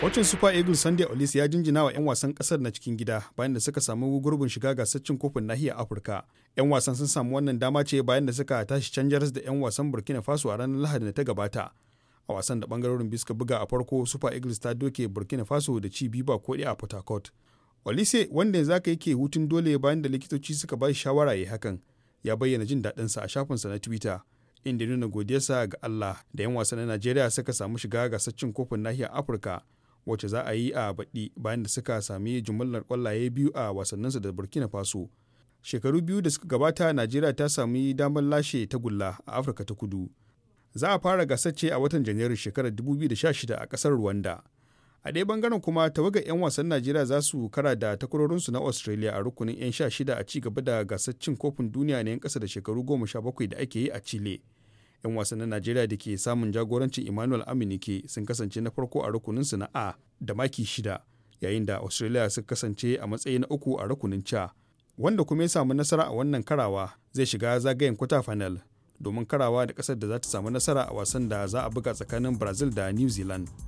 Kocin Super Eagles Sunday Olis ya jinjina wa 'yan wasan kasar na cikin gida bayan da suka samu gurbin shiga gasar cin kofin nahiyar Afirka. 'Yan wasan sun samu wannan dama ce bayan da suka tashi canjaras da 'yan wasan Burkina Faso a ranar Lahadi da ta gabata. A wasan da bangarorin biska buga a farko Super Eagles ta doke Burkina Faso da ci biyu ba koɗi a Port Harcourt. Olise wanda yanzu aka yake hutun dole bayan da likitoci suka ba shawara ya hakan ya bayyana jin daɗinsa a shafinsa na Twitter. inda nuna godiyarsa ga Allah da 'yan wasan na Najeriya suka samu shiga gasar cin kofin nahiyar Afirka wacce za a yi a baɗi bayan da suka sami jimillar kwallaye biyu a wasanninsu da burkina faso shekaru biyu da suka gabata najeriya ta sami damar lashe ta gulla a afirka ta kudu za a fara gasar ce a watan janairu shekarar 2016 a kasar rwanda a ɗaya bangaren kuma tawagar 'yan wasan najeriya za su kara da takwarorinsu na australia a rukunin 'yan sha shida a ci gaba da gasar cin kofin duniya na 'yan ƙasa da shekaru goma sha bakwai da ake yi a chile 'yan wasannin najeriya da ke samun jagorancin emmanuel aminike sun kasance na farko a su na a da maki shida yayin da australia suka kasance a matsayi na uku a rukunin ca wanda kuma ya samu nasara a wannan karawa zai shiga zagayen kwata final domin karawa da kasar da za ta samu nasara a wasan da za a buga tsakanin brazil da new zealand